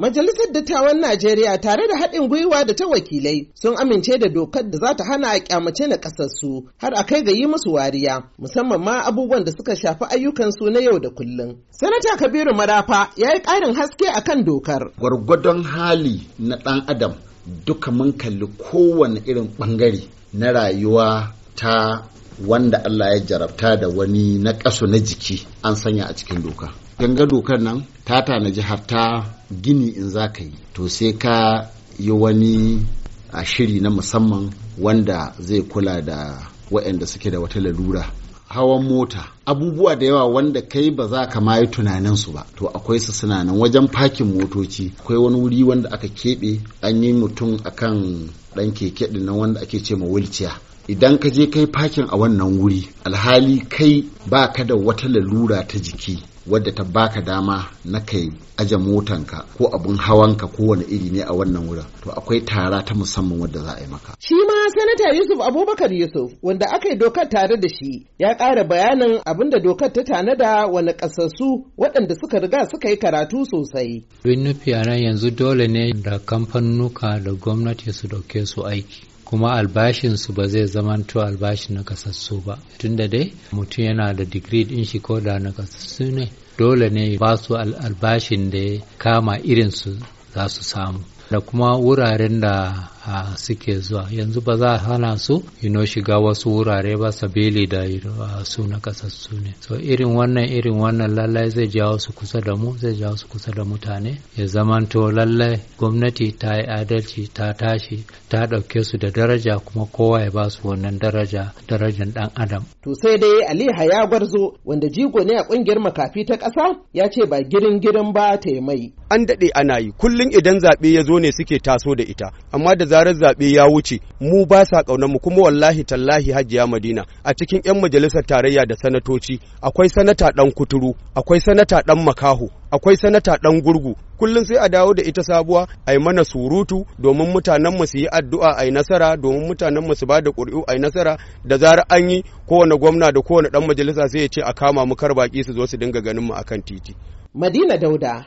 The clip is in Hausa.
Majalisar Dattawan Najeriya tare da haɗin gwiwa da ta wakilai sun amince da dokar da za ta hana a kyamace na ƙasarsu har a kai ga yi musu wariya musamman ma abubuwan da suka shafi ayyukansu na yau da kullum. Sanata Kabiru Marafa ya yi ƙarin haske a kan dokar. Gwargwadon hali na ɗan adam duka mun kalli kowane irin ɓangare na rayuwa ta wanda Allah ya jarabta da wani na na jiki an sanya a cikin doka. ganga dokar nan ta tanaji har ta gini in za ka yi to sai ka yi wani a shiri na musamman wanda zai kula da waɗanda suke da wata lalura hawan mota abubuwa da yawa wanda kai ba za ka ma yi tunanin su ba to akwai su suna nan wajen fakin motoci akwai wani wuri wanda aka keɓe an yi mutum akan ɗan keke na wanda ake ce ma wilciya idan ka je kai fakin a wannan wuri alhali kai ba ka da wata lalura ta jiki wadda ta baka dama na kai aje motanka ko abun hawanka kowane iri ne a wannan wurin to akwai tara ta musamman wadda za a yi maka shi ma sanata yusuf abubakar yusuf wanda aka yi dokar tare da shi ya ƙara bayanin abin da dokar ta tanada wani ƙasassu waɗanda suka riga suka yi karatu sosai. Rin nufi yanzu dole ne da kamfanuka da gwamnati su dauke su aiki. kuma albashinsu ba zai zamanto albashin nakasassu ba tunda dai mutum yana da digiri din shi ko da kasassu ne dole ne ba su albashin da ya kama irinsu za su samu da kuma wuraren da suke zuwa yanzu ba za a hana su ino shiga wasu wurare ba sabili da su na kasassu ne so irin wannan irin wannan lallai zai jawo su kusa da mu zai jawo su kusa da mutane ya zamanto lallai gwamnati ta yi adalci ta tashi ta ɗauke su da daraja kuma kowa ya ba su wannan daraja darajan ɗan adam to sai dai ali haya gwarzo wanda jigo ne a ƙungiyar makafi ta ƙasa ya ce ba girin girin ba ta yi mai an daɗe ana yi kullum idan zaɓe ya zo ne suke taso da ita amma da zarar zaɓe ya wuce mu ba sa ƙaunar mu kuma wallahi tallahi hajiya madina a cikin 'yan majalisar tarayya da sanatoci akwai sanata dan kuturu akwai sanata dan makaho akwai sanata dan gurgu kullum sai a dawo da ita sabuwa a yi mana surutu domin mutanen mu su yi addu'a a yi nasara domin mutanen mu su ba da ƙuri'u a yi nasara da zarar an yi kowane gwamna da kowane dan majalisa sai ya ce a kama mu kar baki su zo su dinga ganin mu akan titi. Madina Dauda